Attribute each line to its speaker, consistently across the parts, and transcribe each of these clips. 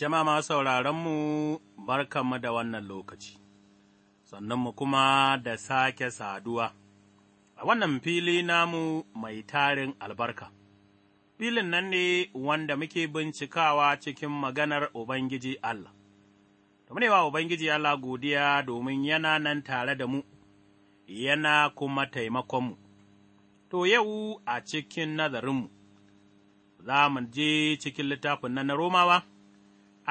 Speaker 1: Jama'a mu sauraronmu, barkanmu da wannan lokaci, sannan mu kuma da sake saduwa, a wannan fili namu mai tarin albarka, filin nan ne wanda muke bincikawa cikin maganar Ubangiji Allah. Domin wa Ubangiji Allah godiya domin yana nan tare da mu, yana kuma taimakonmu. To, yau a cikin nazarinmu, za mu je cikin littafin na Romawa.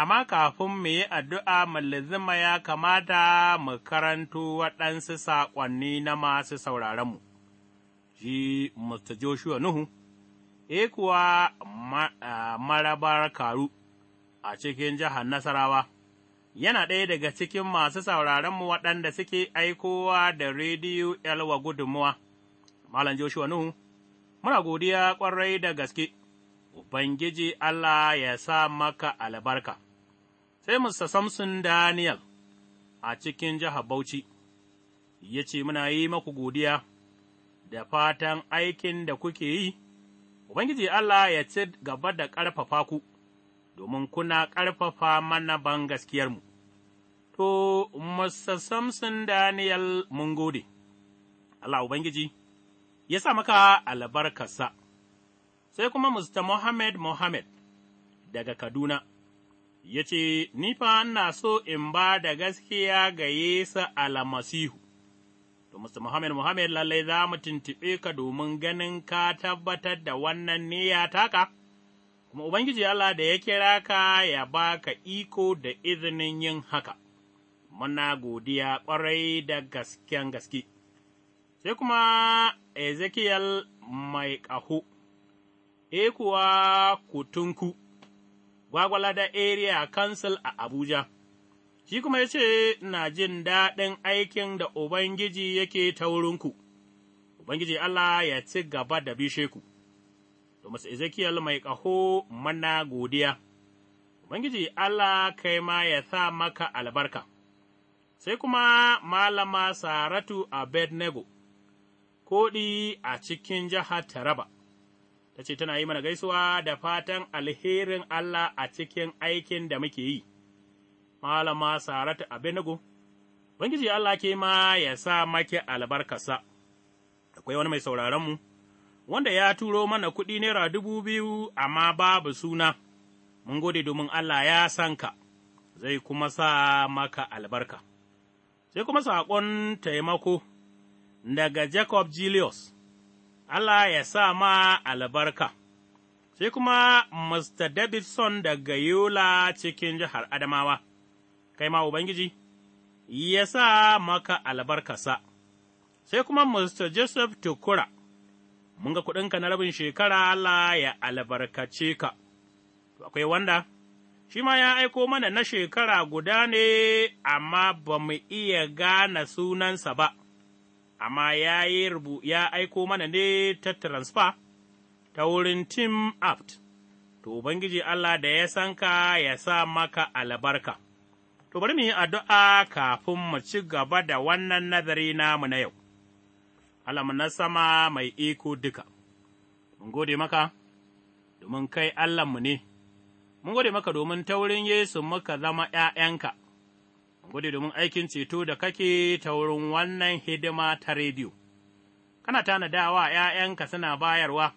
Speaker 1: amma kafin mu yi addu'a mallazima ya kamata mu karanto waɗansu saƙonni na masu sauraronmu, shi Mr. Joshua Nuhu, e kuwa marabar karu a cikin jihar Nasarawa, yana ɗaya daga cikin masu sauraronmu waɗanda suke aikowa da rediyo Elwa gudunmuwa. Malam Joshua Nuhu, muna godiya ƙwarai da gaske, Ubangiji Allah ya sa maka albarka. sai Musa Samson Daniel a cikin jihar Bauchi, ya ce, Muna yi maku godiya da fatan aikin da kuke yi, Ubangiji Allah ya ci gaba da ƙarfafa ku, domin kuna ƙarfafa mana ban gaskiyarmu. To, Musa Samson Daniel mun gode, Allah Ubangiji, ya sa maka albarkarsa, sai kuma Musta Mohammed Mohammed daga Kaduna. ya ce, Ni fa ina so in ba da gaskiya ga Yesu almasihu. To, Mr. Muhammad Muhammad lallai za mu tuntuɓe ka domin ganin ka tabbatar da wannan niyya taka, kuma Ubangiji Allah da ya kira ka ya ba ka iko da izinin yin haka, muna godiya ƙwarai da gasken gaske. Sai kuma Ezekiel mai ƙaho, e kuwa kutunku. Gwagwalada Area Council a Abuja. Shi kuma ya ce, Ina jin daɗin aikin da Ubangiji yake ta wurinku, Ubangiji Allah ya ci gaba da bishe ku, Thomas Ezekiel mai ƙaho mana godiya, Ubangiji Allah kai ma ya sa maka albarka, sai kuma Malama Saratu a Abednego, koɗi a cikin jihar Taraba. ta ce tana yi mana gaisuwa da fatan alherin Allah a cikin aikin da muke yi, Malama Saratu Abenago, Ubangiji Allah ke ma ya sa make albarkasa, akwai wani mai sauraronmu, wanda ya turo mana kuɗi naira dubu biyu amma babu suna, mun gode domin Allah ya san ka, zai kuma sa maka albarka. Sai kuma saƙon taimako daga Jacob Julius. Allah ya sa ma albarka. Sai kuma Mr. Davidson daga Yola cikin jihar Adamawa, kai ma Ubangiji, ya sa maka albarkasa. Sai kuma Mr. Joseph Tukura, mun ga kuɗinka na rabin shekara Allah ya albarkace ka. akwai wanda, shi ma ya aiko mana na shekara guda ne, amma ba mu iya gane sunansa ba, amma ya yi rubu ya aiko mana ne ta transfer ta wurin Tim Apt, to Ubangiji Allah da ya san ka ya sa maka albarka. To bari mu yi addu'a kafin mu ci gaba da wannan nazari namu na yau, mu na sama mai iko duka, mun gode maka, domin kai Allahnmu ne, mun gode maka domin ta wurin Yesu muka zama ’ya'yanka, gode domin aikin ceto da kake ta wurin wannan hidima ta rediyo. Kana tanadawa ’ya'yanka suna bayarwa,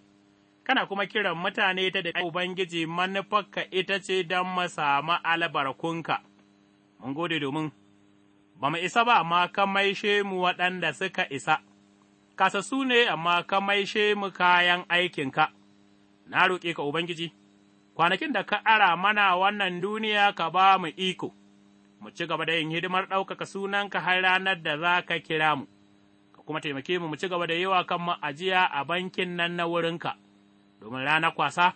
Speaker 1: kana kuma kiran mutane ta da Ubangiji manufarka ita ce don masama albarkunka. Mun gode domin, ba mu isa ba, amma ka maishe mu waɗanda suka isa, kasassu ne, amma ka maishe mu kayan aikinka. Na roƙe ka Ubangiji, kwanakin da ka ara mana wannan duniya ka ba mu iko. mu ci gaba da yin hidimar ɗaukaka sunanka har ranar da za ka kira mu, ka kuma taimake mu mu ci gaba da yi wa kanmu ajiya a bankin nan na wurinka, domin ranar kwasa,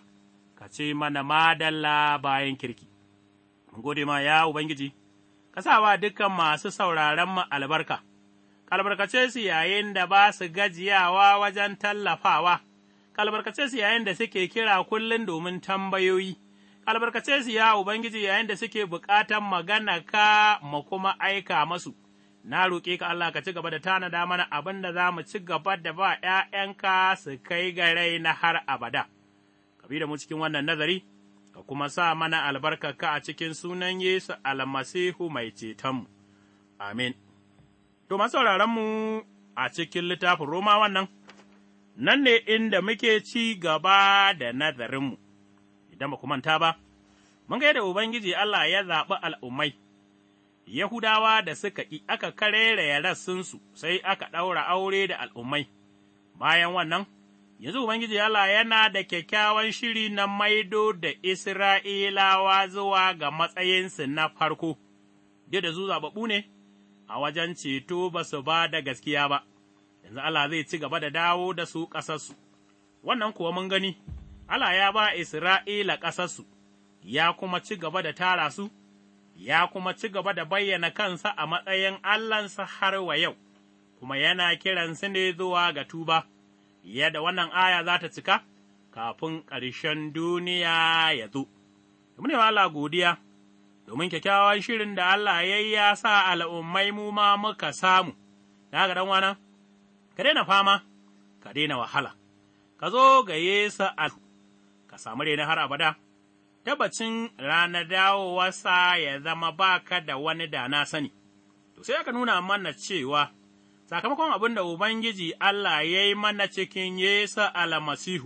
Speaker 1: ka ce mana madalla bayan kirki. Mun gode ma ya Ubangiji, ka sa wa dukkan masu sauraron mu albarka, albarkace su yayin da ba su gajiyawa wajen tallafawa, kalbarkace su yayin da suke kira kullum domin tambayoyi. albarkace su ya Ubangiji yayin da suke bukatan magana ka mu kuma aika masu, na roƙe ka Allah ka ci gaba da tanada mana abin da za mu ci gaba da ba ’ya'yanka su kai ga rai na har abada, ka bi da mu cikin wannan nazari, ka kuma sa mana albarka ka a cikin sunan Yesu almasihu mai cetonmu, amin. To, mu a cikin littafin Roma wannan, nan ne inda muke ci gaba da nazarinmu. idan ba ku manta ba, mun ga yadda Ubangiji Allah ya zaɓi al'ummai, Yahudawa da suka ƙi aka kareraya rassinsu sai aka ɗaura aure da al'ummai. Bayan wannan, yanzu Ubangiji Allah yana da kyakkyawan shiri na maido da Isra'ilawa zuwa ga matsayinsu na farko, duk da su ne a wajen ceto ba su ba da gaskiya ba, yanzu Allah zai ci gaba da dawo da su ƙasarsu, wannan kuwa mun gani Allah ya ba Isra'ila ƙasarsu, ya kuma ci gaba da tara su, ya kuma ci gaba da bayyana kansa a matsayin Allahnsa har wa yau, kuma yana kiransu ne zuwa ga tuba, yadda wannan aya za ta cika kafin ƙarshen duniya ya zo. Domin yawa Allah godiya, domin kyakkyawan shirin da Allah ya yi ya sa al'ummai mu ma muka samu, na ga wana, ka daina fama, ka daina wahala, ka zo ga Yesu ka samu na har abada, tabbacin ranar dawowarsa ya zama baka da wani da na sani, to sai aka nuna mana cewa sakamakon abin da Ubangiji Allah ya yi mana cikin Yesu almasihu,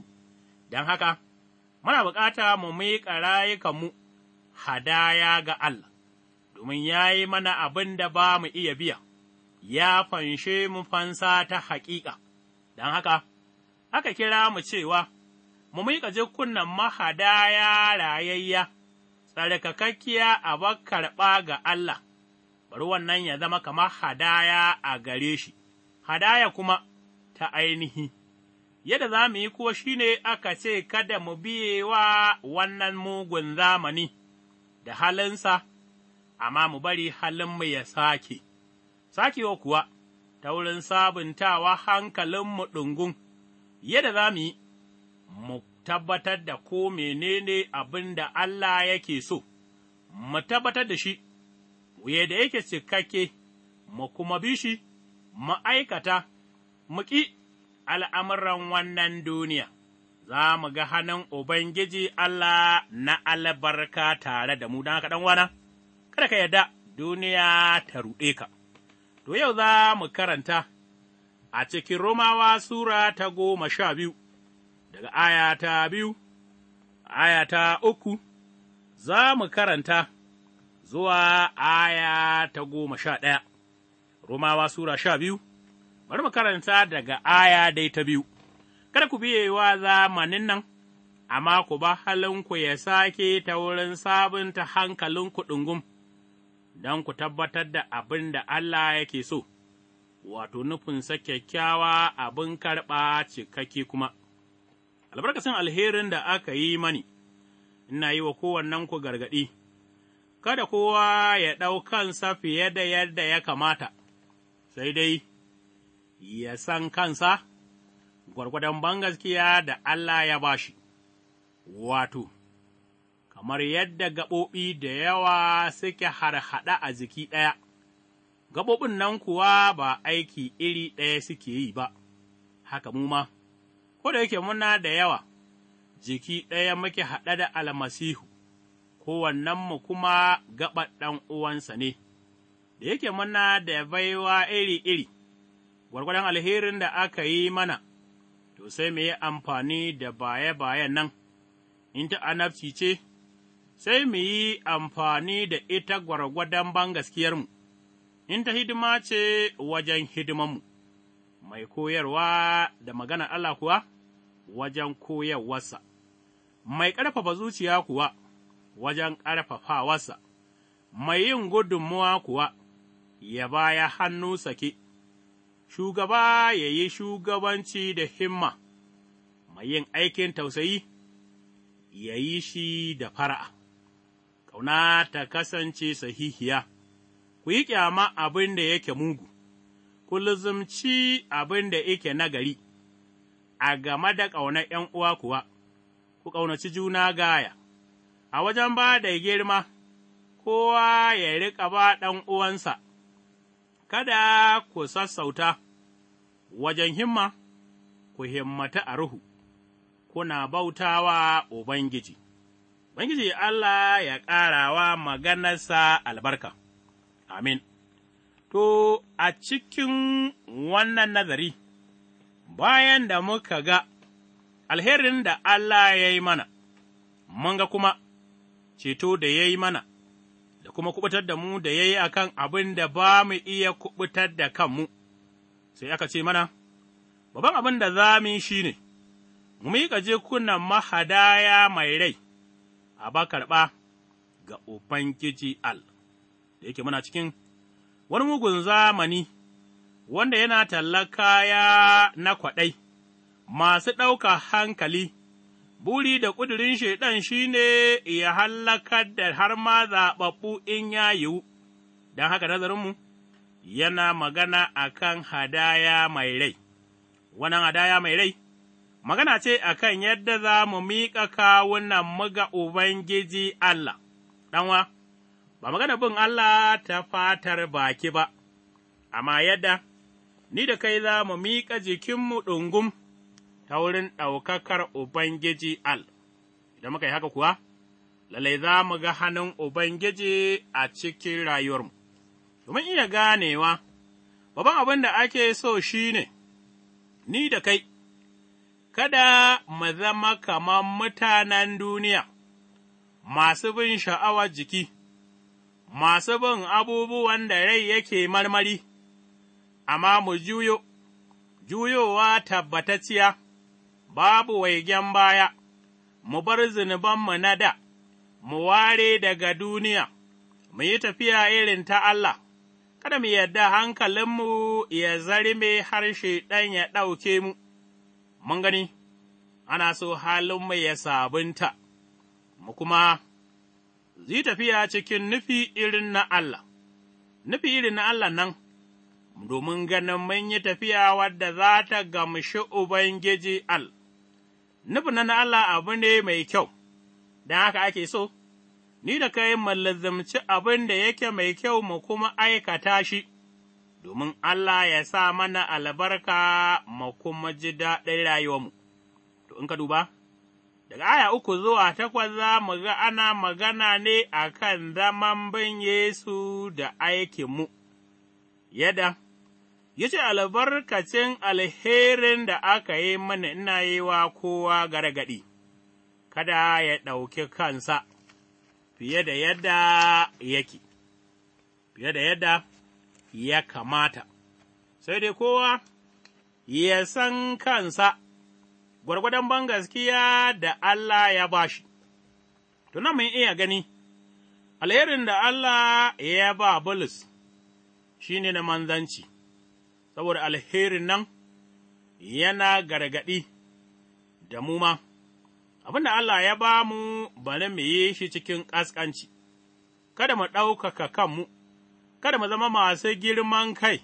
Speaker 1: don haka, muna bukata mu miƙa rayukanmu hadaya ga Allah, domin ya yi mana abin da ba mu iya biya, ya fanshe mu fansa ta haƙiƙa, don haka, aka kira mu cewa, mu miƙa jikunan mahadaya rayayya, tsarkakakkiya a karɓa ga Allah, bari wannan ya zama kamar hadaya a gare shi, hadaya kuma ta ainihi. Yadda za mu yi kuwa shi ne aka ce kada mu biye wa wannan mugun zamani da halinsa, amma mu bari halin mu ya sake, sakewa kuwa ta wurin sabuntawa hankalinmu ɗungun, yadda za mu yi. mu tabbatar da ko menene abin da Allah yake so, mu tabbatar da shi, da yake cikakke, mu kuma bi shi, mu aikata, mu ƙi al'amuran wannan duniya, za mu ga hannun Ubangiji Allah na albarka tare da mu don haka wana, kada ka yarda duniya ta ruɗe ka. To yau za mu karanta a cikin Romawa Sura ta goma sha biyu. daga aya ta biyu, aya ta uku, za mu karanta zuwa aya ta goma sha ɗaya, Romawa Sura sha biyu, bari mu karanta daga aya dai ta biyu, kada ku biye wa zamanin nan, amma ku ba halinku ya sake ta wurin sabunta hankalinku ɗungum, don ku tabbatar da abin da Allah yake so. wato nufinsa kyakkyawa abin karɓa cikakke kuma. albarkacin alherin da aka yi mani, ina yi wa kowannen ku gargaɗi, kada kowa ya ɗau kansa fiye da yadda ya kamata, sai dai ya san kansa gwargwadon bangaskiya da Allah ya ba shi wato, kamar yadda gaɓoɓi da yawa suke harhaɗa a jiki ɗaya. gaɓoɓin nan kuwa ba aiki iri ɗaya suke yi ba, haka mu ma, ko da yake muna da yawa, jiki ɗaya muke haɗe da almasihu, mu kuma gaɓar uwansa ne, da yake muna da baiwa iri-iri, gwargwadon alherin da aka yi mana, to sai mu yi amfani da baye-bayen nan, in ta anabci ce, sai mu yi amfani da ita gwargwadon bangaskiyarmu, in ta hidima ce wajen hidimanmu. mai koyarwa da maganar Allah kuwa wajen koyarwarsa, mai ƙarfafa zuciya kuwa wajen ƙarfafawarsa, mai yin gudunmuwa kuwa ya baya hannu sake, shugaba ya yi shugabanci da himma, mai yin aikin tausayi ya yi shi da fara'a, ƙauna ta kasance sahihiya, ku yi ƙyama abin da yake mugu. ku luzumci abin da yake nagari, a game da ƙaunar ’yan uwa kuwa, ku ƙaunaci juna gaya, a wajen ba da girma, kowa ya riƙa ba ɗan uwansa, kada ku sassauta wajen himma, ku himmata a ruhu, kuna bautawa Ubangiji. Ubangiji Allah ya ƙarawa maganarsa albarka, amin. To, a cikin wannan nazari, bayan da muka ga alherin da Allah ya yi mana, mun ga kuma ceto da ya yi mana, da kuma kubutar da mu da ya yi a kan abin da ba mu iya kubutar da kanmu, sai aka ce mana, Babban abin da za mu yi shi ne, mu miƙa jikunan mahadaya mai rai, a ba karɓa ga Ubangiji Al, da yake muna cikin wani mugun zamani, wanda yana talla kaya na kwaɗai, masu ɗauka hankali, buri da ƙudurin Shaiɗan shi ne ya hallakar da har ma zaɓaɓɓu in ya yiwu, don haka nazarinmu yana magana a kan hadaya mai rai, wannan hadaya mai rai. Magana ce a kan yadda za mu miƙa kawunan muga Ubangiji Allah, ɗanwa. ba magana bin Allah ta fatar baki ba, amma yadda ni da kai za mu miƙa jikinmu ɗungum ta wurin ɗaukakar Ubangiji Al, idan muka yi haka kuwa, lalai za mu ga hannun Ubangiji a cikin rayuwarmu, domin iya ganewa, babban abin da ake so shi ne, ni da kai. kada mu zama kamar mutanen duniya masu bin sha'awar jiki, masu bin abubuwan da rai yake marmari, amma mu juyo, juyowa tabbatacciya, babu waigen baya, mu bar zunubanmu na da, mu ware daga duniya, mu yi tafiya irin ta Allah, kada mu yadda hankalinmu ya zarme harshe ɗan ya ɗauke mu, mun gani, ana so halinmu ya sabunta, mu kuma. Zai tafiya cikin nufi irin na Allah, nufi irin na Allah nan, domin ganin mun yi tafiya wadda za ta gamshi Ubangiji Allah. Nufin na Allah abu ne mai kyau, don haka ake so, ni da kai mallazimci abin da yake mai kyau mu kuma aikata shi, domin Allah ya sa mana albarka mu kuma ji daɗin rayuwarmu. To, in ka duba? Daga aya uku zuwa takwas za mu ga ana magana ne a kan zaman bin Yesu da aikinmu, yadda, ce albarkacin alherin da aka yi mana ina yi wa kowa gargaɗi, kada ya ɗauki kansa fiye da yadda yake, fiye da yadda ya kamata, sai dai kowa ya san kansa. gwargwadon ban gaskiya da Allah ya ba shi, tuna mun iya gani, alherin da Allah ya ba Bulus shi ne na manzanci, saboda alherin nan yana gargaɗi da mu ma, abin da Allah ya ba mu bari mu yi shi cikin ƙasƙanci, kada mu ɗaukaka kanmu, kada mu zama masu girman kai,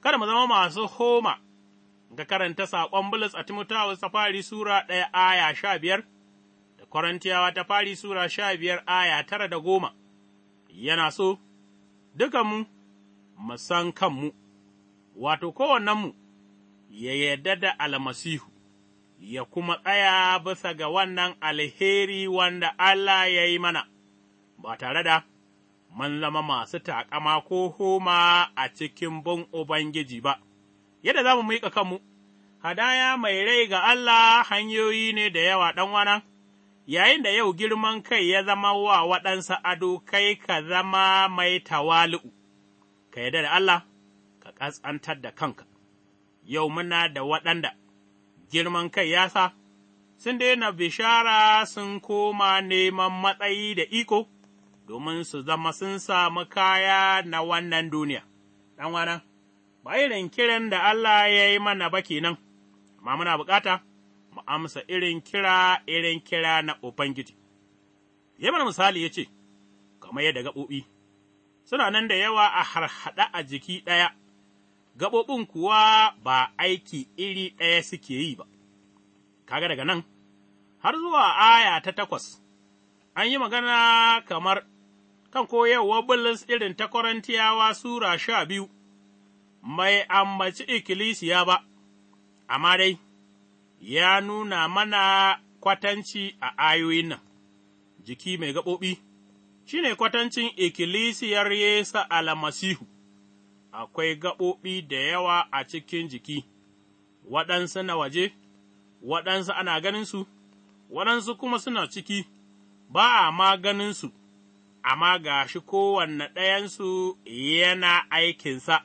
Speaker 1: kada mu zama masu homa. ga karanta saƙon Bulus a Timotawa ta fari Sura ɗaya aya sha biyar, da Korintiyawa ta fari Sura sha biyar aya tara da goma, yana so, Duka mu san kanmu, wato kowannenmu, ya yarda da almasihu, ya kuma tsaya bisa ga wannan alheri wanda Allah ya yi mana, ba tare da mun zama masu taƙama ko homa a cikin bin Ubangiji ba. yadda za mu mika kanmu, hadaya mai rai ga Allah hanyoyi ne da yawa ɗan wana yayin da yau girman kai ya zama wa waɗansa ado kai ka zama mai tawali'u, ka yarda da Allah, ka ƙasƙantar da kanka, yau muna da waɗanda girman kai ya sa, sun daina bishara sun koma neman matsayi da iko, domin su zama sun samu kaya na wannan duniya, ɗanwana. ba irin kiran da Allah ya yi mana ba kenan, amma muna bukata mu amsa irin kira irin kira na Ubangiji. Ya mana misali ya ce, kamar yadda gaɓoɓi, suna nan da yawa a harhaɗa a jiki ɗaya, gaɓoɓin kuwa ba aiki iri ɗaya suke yi ba. Kaga daga nan, har zuwa aya ta takwas, an yi magana kamar kan koyarwa Bulus irin ta Korintiyawa Sura sha biyu. mai ambaci ikkilisiya ba, amma dai, ya nuna mana kwatanci a ayoyin nan, jiki mai gaɓoɓi, shi ne kwatancin ikkilisiyar Yesu almasihu, akwai gaɓoɓi da yawa a cikin jiki, waɗansu na waje, waɗansu ana ganinsu, waɗansu kuma suna ciki, ba a ma ganinsu, amma ga shi kowanne ɗayansu yana aikinsa.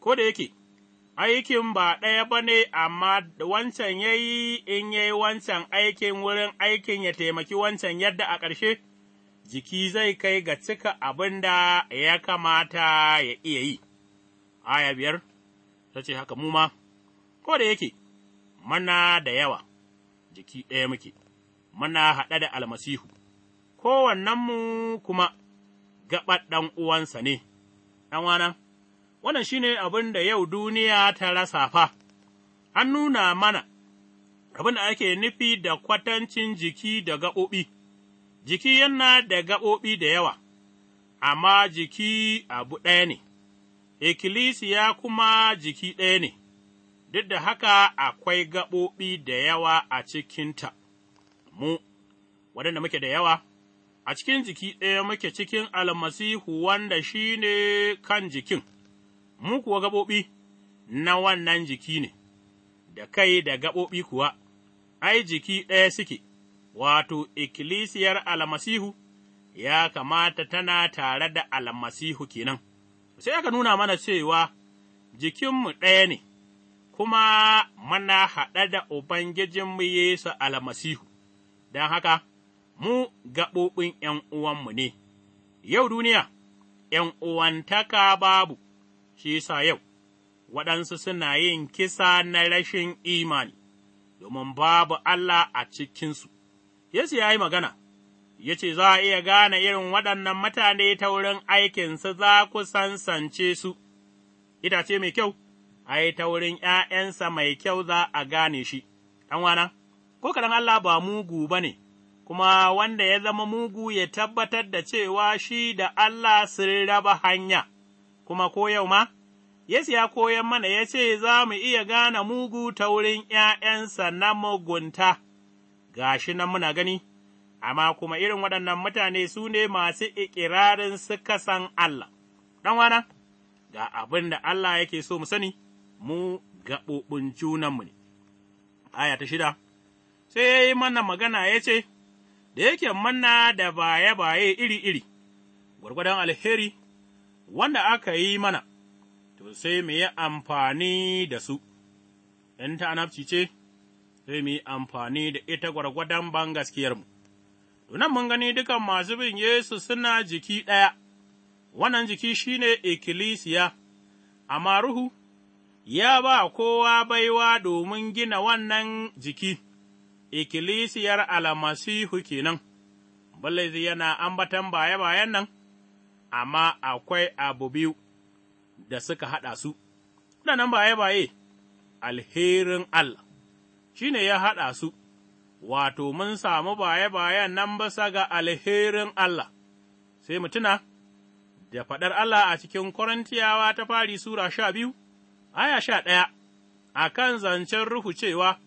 Speaker 1: ko da yake, aikin ba ɗaya ba ne, amma wancan ya yi in ya yi wancan aikin wurin aikin ya taimaki wancan yadda a ƙarshe, jiki zai kai ga cika abin da ya kamata ya iya yi. Aya biyar, ta ce haka Muma. ko da yake, mana da yawa, jiki ɗaya muke, mana haɗe da almasihu, kowannenmu kuma gaɓar ɗan uwansa ne, ɗan wannan shi ne abin da yau duniya ta rasa fa, an nuna mana abin da ake nufi da kwatancin jiki da gaɓoɓi, jiki yana da gaɓoɓi da yawa, amma jiki abu ɗaya ne, ikkilisiya kuma jiki ɗaya ne, duk da haka akwai gaɓoɓi da yawa a cikinta, mu, waɗanda muke da yawa. A cikin jiki ɗaya muke cikin almasihu wanda shi ne kan jikin. mu kuwa gaɓoɓi na wannan jiki ne, da kai da gaɓoɓi kuwa, ai, jiki ɗaya suke, wato, ikkilisiyar almasihu ya kamata tana tare da almasihu kenan. Sai aka nuna mana cewa jikinmu ɗaya ne, kuma mana haɗa da Ubangijinmu Yesu almasihu, don haka, mu gaɓoɓin ’yan uwanmu ne, yau duniya, ’yan uwantaka babu. shi sa yau waɗansu suna yin kisa na rashin imani, domin babu Allah a cikinsu. Yesu ya yi magana, ya ce, Za a iya gane irin waɗannan mutane ta wurin aikinsu za ku sansance su, itace mai kyau, ai, ta wurin ’ya'yansa mai kyau za a gane shi, ɗanwana, ko kaɗan Allah ba mugu ba ne, kuma wanda ya zama mugu ya tabbatar da cewa shi da Allah sun raba hanya. kuma ko yau ma, Yesu ya koyan mana ya ce za mu iya gane mugu ta wurin ’ya'yansa na mugunta, ga shi nan muna gani, amma kuma irin waɗannan mutane su ne masu ikirarin suka san Allah. Ɗanwana, ga abin da Allah yake so mu sani, mu gaɓoɓin junanmu ne. Aya shida, sai ya yi mana magana ya ce, Da yake manna da baye-baye iri-iri, gwargwadon alheri wanda aka yi mana, to sai mu yi amfani da su, in ta anabci ce, sai mu yi amfani da ita gwargwadon ban gaskiyarmu. Tunan mun gani dukan masu bin Yesu suna jiki ɗaya, wannan jiki shi ne ikkilisiya, amma Ruhu ya ba kowa baiwa domin gina wannan jiki, ikkilisiyar almasihu kenan, Balazi yana ambatan baya-bayan nan. amma akwai abu biyu da suka haɗa su, waɗannan baye-baye alherin Allah, shi ne ya haɗa su, wato mun samu baye-bayen nan bisa ga alherin Allah, sai mutuna. da faɗar Allah a cikin Korintiyawa ta fari Sura sha biyu, aya sha ɗaya, a kan zancen Ruhu cewa,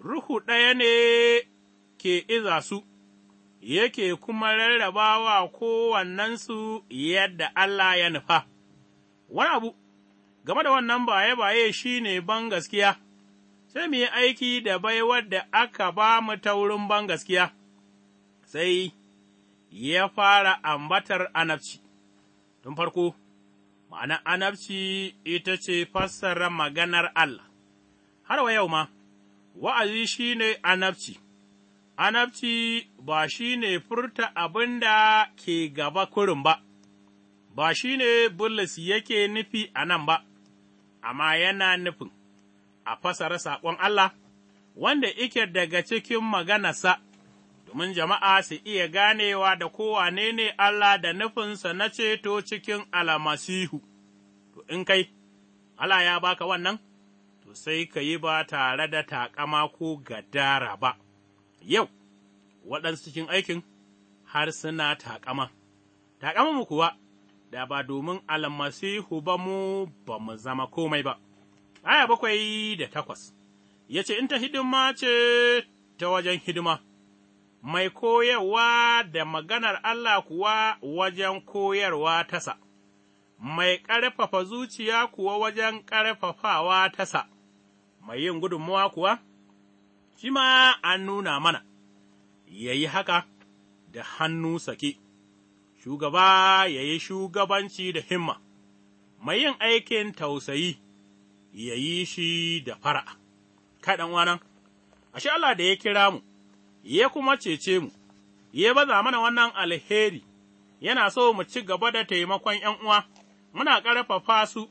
Speaker 1: Ruhu ɗaya ne ke iza su, yake kuma rarraba wa kowannensu yadda Allah ya nufa. Wani abu, game da wannan baye-baye shi ne gaskiya. sai mu yi aiki da baiwar da aka ba mu ta wurin gaskiya. sai ya fara ambatar anabci. Tun farko, ma'anar anabci ita ce fassara maganar Allah, har wa yau ma, wa'azi shi ne anabci. anabci ba shi ne furta abin da ke gaba kurin ba, ba shi ne Bulus yake nufi a nan ba, amma yana nufin a fasara saƙon Allah, wanda ike daga cikin maganarsa, domin jama'a su iya ganewa da kowane ne Allah da nufinsa na ceto cikin almasihu. To, in kai, Allah ya baka wannan, to sai ka yi ba tare da taƙama ko gadara ba. yau, waɗansu cikin aikin har suna taƙama, taƙama mu kuwa, da ba domin almasihu ba mu ba mu zama komai ba. Aya bakwai da takwas, ya ce, In ta hidima ce ta wajen hidima, mai koyarwa da maganar Allah kuwa wajen koyarwa tasa, mai ƙarfafa zuciya kuwa wajen ƙarfafawa tasa, mai yin gudunmawa kuwa shi ma an nuna mana, ya yi haka da hannu sake, shugaba ya yi shugabanci da himma, mai yin aikin tausayi ya yi shi da fara'a, kaɗan wanan, ashe Allah da ya kira mu, ya kuma cece mu, ya baza mana wannan alheri, yana so mu ci gaba da taimakon ’yan uwa, muna ƙarfafa su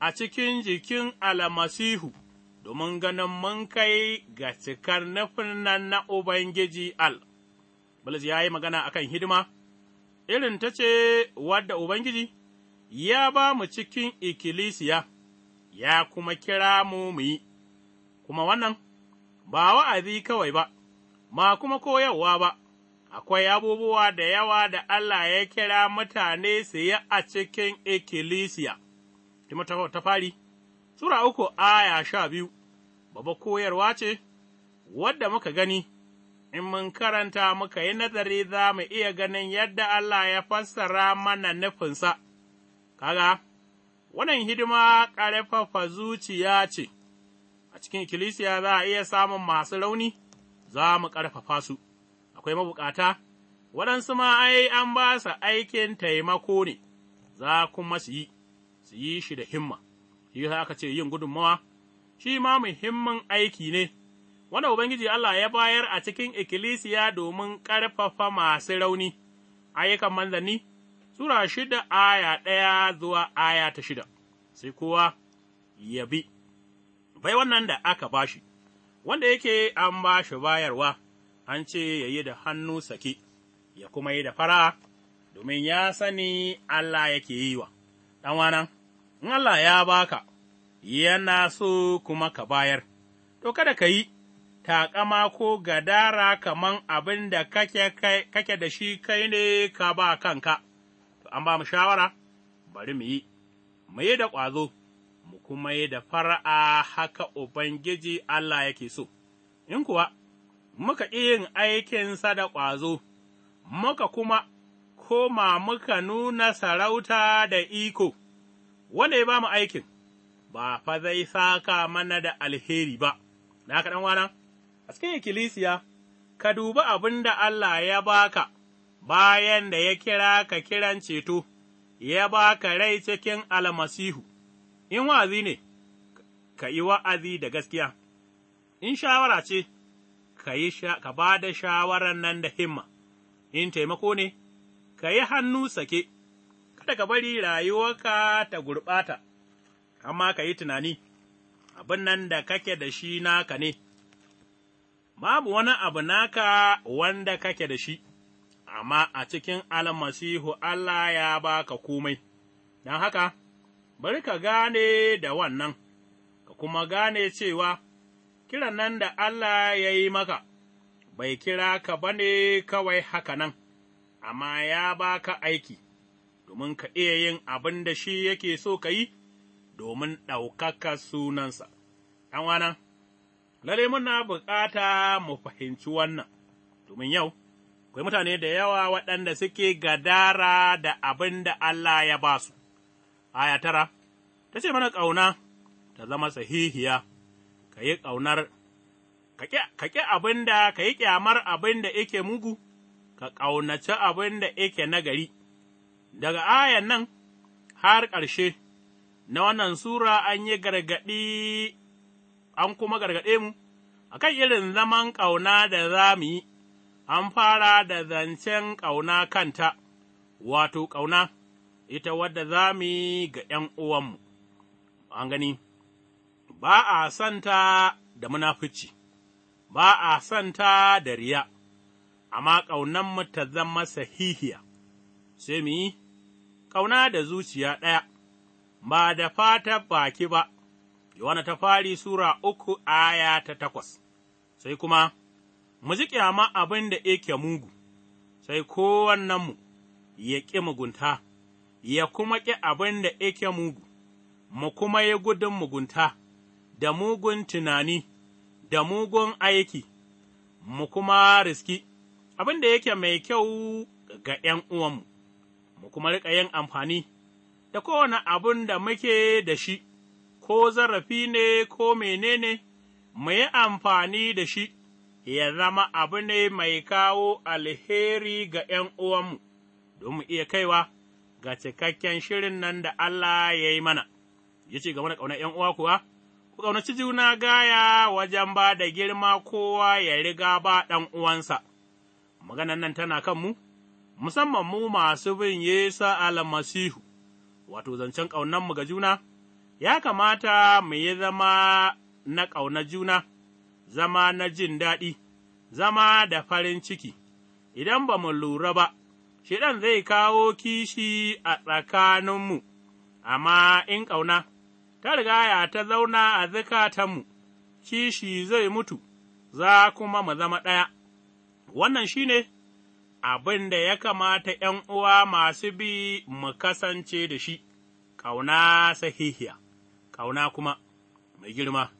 Speaker 1: a cikin jikin almasihu. domin ganin mun kai ga cikar nufin nan na Ubangiji Al. Bulus ya yi magana a kan hidima, irin ta ce wadda Ubangiji ya ba mu cikin ikkilisiya, ya kuma kira mu mu yi, kuma wannan ba wa'azi kawai ba, ma kuma koyarwa ba, akwai abubuwa da yawa da Allah ya kira mutane su yi a cikin ikkilisiya. Timoteo ta fari Sura uku aya sha biyu, Baba koyarwa ce, wadda muka gani, in mun karanta muka yi nazari za mu iya ganin yadda Allah ya fassara mana nufinsa, kaga, wannan hidima ƙarfafa zuciya ce, a cikin ikkilisiya za a iya samun masu rauni, za mu ƙarfafa su, akwai mabukata, waɗansu ma ai an ba su aikin taimako ne, za kuma su yi, su yi shi da himma. shi aka ce yin gudunmawa, shi ma muhimmin aiki ne, wanda Ubangiji Allah ya bayar a cikin ikkilisiya domin ƙarfafa masu rauni, ayyukan manzanni, Sura shida aya ɗaya zuwa aya ta shida, sai kowa ya bi, bai wannan da aka bashi, wanda yake an bashi bayarwa, an ce ya yi da hannu saki. ya kuma yi da fara, domin ya sani Allah yake yi wa, ɗan in Allah ya baka, yana so kuma ka bayar, to kada ka yi taƙama ko gadara kaman abin da kake da shi kai ne ka ba kanka, to an ba mu shawara, bari mu yi, mu yi da ƙwazo, mu kuma yi da fara'a haka Ubangiji Allah yake so, in kuwa muka yin aikinsa da ƙwazo, muka kuma koma muka nuna sarauta da iko. wanda ya ba mu aikin, ba fa zai saka mana da alheri ba, na kaɗan wana, a cikin ikkilisiya, ka dubi abin da Allah ya baka bayan da ya kira ka kiran ceto, ya baka rai cikin almasihu, in wa'azi ne, ka yi wa'azi da gaskiya, in shawara ce, ka ba da shawarar nan da himma, in taimako ne, ka yi hannu sake, kada ka bari rayuwarka ta gurɓata, amma ka yi tunani, abin nan da kake da shi naka ne, babu wani abu naka wanda kake da shi, amma a cikin almasihu Allah ya baka komai, don haka, bari ka gane da wannan, ka kuma gane cewa, kiran nan da Allah ya yi maka, bai kira ka ba ne kawai haka nan, amma ya baka aiki. domin ka iya yin abin da shi yake so ka yi domin ɗaukaka sunansa. ’Yan'wana, lalle muna bukata mu fahimci wannan, domin yau, akwai mutane da yawa waɗanda suke gadara da abin da Allah ya ba su. Aya tara, ta ce mana ƙauna ta zama sahihiya, ka yi ƙaunar, ka ƙi abin da, ka yi ƙyamar abin da yake mugu, ka ƙaunaci abin da yake nagari. daga ayan nan har ƙarshe na wannan Sura an yi gargaɗi, an kuma gargaɗe mu, a kan irin zaman ƙauna da za mu yi, an fara da zancen ƙauna kanta, wato ƙauna, ita wadda za mu yi ga ’yan uwanmu, an gani, ba a santa da munafici, ba a santa da riya, amma mu ta zama sahihiya, sai mu yi ƙauna da zuciya ɗaya, ba da fata baki ba, Yohana ta fari Sura uku aya ta takwas, sai kuma, mu ji ƙyama abin da yake mugu, sai kowannenmu ya ƙi mugunta, ya kuma ƙi abin da yake mugu, mu kuma yi gudun mugunta, da mugun tunani, da mugun aiki, mu kuma riski, abin da yake mai kyau ga ’yan uwanmu. mu kuma riƙa yin amfani da kowane abun da muke da shi, ko zarafi ne ko menene, mu yi amfani da shi, ya zama abu ne mai kawo alheri ga ’yan uwanmu, don mu iya kaiwa ga cikakken shirin nan da Allah ya yi mana, ya ce game da ƙaunar ’yan uwa kuwa, ku ƙaunaci juna gaya wajen ba da girma kowa ya riga ba ɗan uwansa, maganan nan tana kan mu. musamman mu masu bin Yesu almasihu, wato zancen ƙaunanmu ga juna, ya kamata mu yi zama na ƙauna juna, zama na jin daɗi, zama da farin ciki, idan ba mu lura ba, shiɗan zai kawo kishi a tsakaninmu, amma in ƙauna, ta rigaya ta zauna a zukatanmu, kishi zai mutu, za kuma mu zama ɗaya. Wannan shi ne abin da ya kamata ’yan uwa masu bi mu kasance da shi, ƙauna sahihiya, ƙauna kuma mai girma,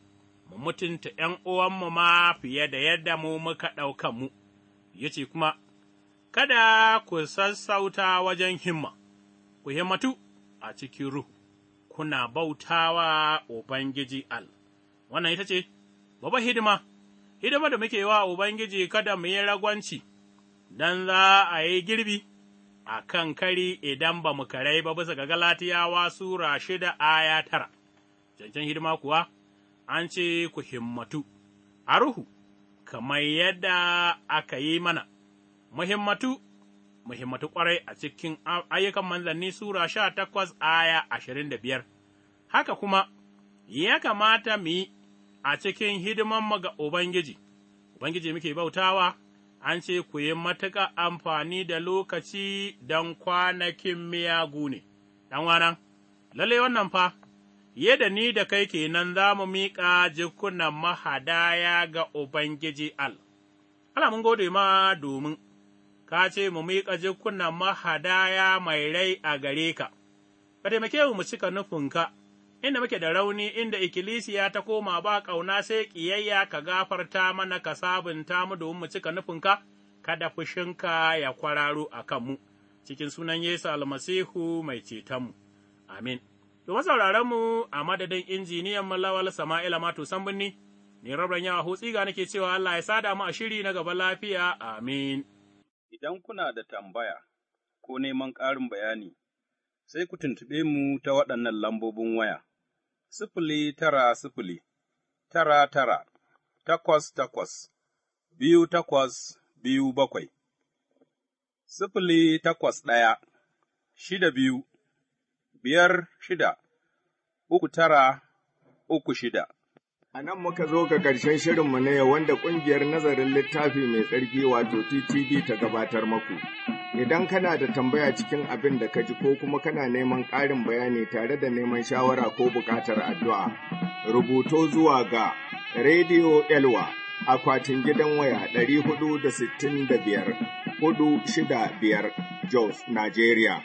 Speaker 1: mu mutunta ’yan uwanmu ma fiye da yadda mu muka ɗaukan mu, ya ce kuma, Kada ku sassauta wajen himma, ku himmatu a cikin ruhu, kuna bautawa Ubangiji Al. Wannan ita ce, Baba hidima, hidima da muke wa Ubangiji kada mu yi ragwanci. don za a yi girbi a kan kari idan ba mu karai ba bisa ga Galatiyawa Sura shida aya tara, cancan hidima kuwa an ce ku himmatu, a ruhu, kamar yadda aka yi mana, muhimmatu, muhimmatu ƙwarai a cikin ayyukan manzanni Sura sha takwas aya ashirin da biyar, haka kuma ya kamata mu yi a cikin hidimanmu ga Ubangiji, Ubangiji muke bautawa. an ce ku yi matuƙa amfani da lokaci don kwanakin miyagu ne, ɗanwana, lalle wannan fa, yadda ni da kai kenan za mu miƙa jikunan mahadaya ga Ubangiji Al. Allah mun gode ma domin, ka ce mu miƙa jikunan mahadaya mai rai a gare ka, ka taimake mu cika nufinka. inda muke da rauni inda ikkilisiya ta koma ba ƙauna sai ƙiyayya ka gafarta mana ka sabunta mu domin mu cika nufinka, kada fushinka ya kwararo a kanmu, cikin sunan Yesu almasihu mai cetonmu. Amin. Domin mu a madadin injiniyan Mallawal Sama'ila Mato Sambunni, ne rabin yawa hutsi ga nake cewa Allah ya sada mu a shiri na gaba lafiya. Amin. Idan kuna da tambaya ko neman ƙarin bayani, sai ku tuntuɓe mu ta waɗannan lambobin waya. sifili tara sifili, tara tara, takwas takwas, biyu takwas biyu bakwai, sifili takwas ɗaya, shida biyu, biyar shida, uku tara, uku shida.
Speaker 2: A nan muka zo ga ƙarshen shirinmu na yau wanda ƙungiyar nazarin littafi mai tsarki wato TTD ta gabatar maku. Idan kana da tambaya cikin abin da ka ji ko kuma kana neman ƙarin bayani tare da neman shawara ko buƙatar addu'a, rubuto zuwa ga Radio Elwa akwatin gidan waya shida biyar Jos, Najeriya.